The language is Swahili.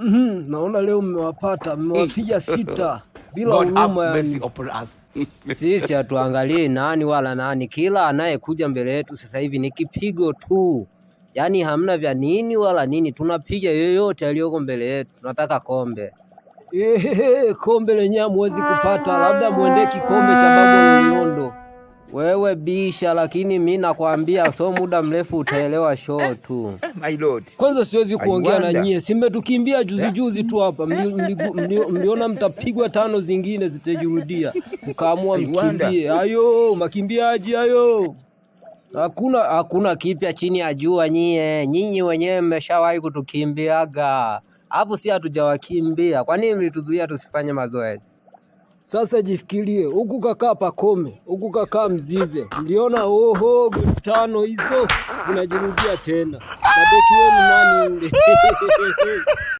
Mm, naona leo mmewapata, mmewapiga sita bila huruma Sisi hatuangalii nani wala nani, kila anayekuja mbele yetu sasa hivi ni kipigo tu, yaani hamna vya nini wala nini, tunapiga yoyote aliyoko mbele yetu. Tunataka kombe. Ehehe, kombe lenyewe hamwezi kupata, labda mwende kikombe cha baba wewe bisha, lakini mi nakwambia, so muda mrefu utaelewa show tu. My lord, kwanza siwezi kuongea na nyie, simetukimbia juzi eh? juzi tu hapa, mliona mtapigwa tano zingine zitajirudia, mkaamua mkimbie. Ayo makimbiaji ayo, hakuna hakuna kipya chini ya jua. Nyie nyinyi wenyewe mmeshawahi kutukimbiaga hapo, si hatujawakimbia. Kwa nini mlituzuia tusifanye mazoezi? Sasa jifikirie, huku kakaa pakome, huku kakaa mzize. Mliona oho tano hizo zinajirudia tena. Mabeki wenu nani?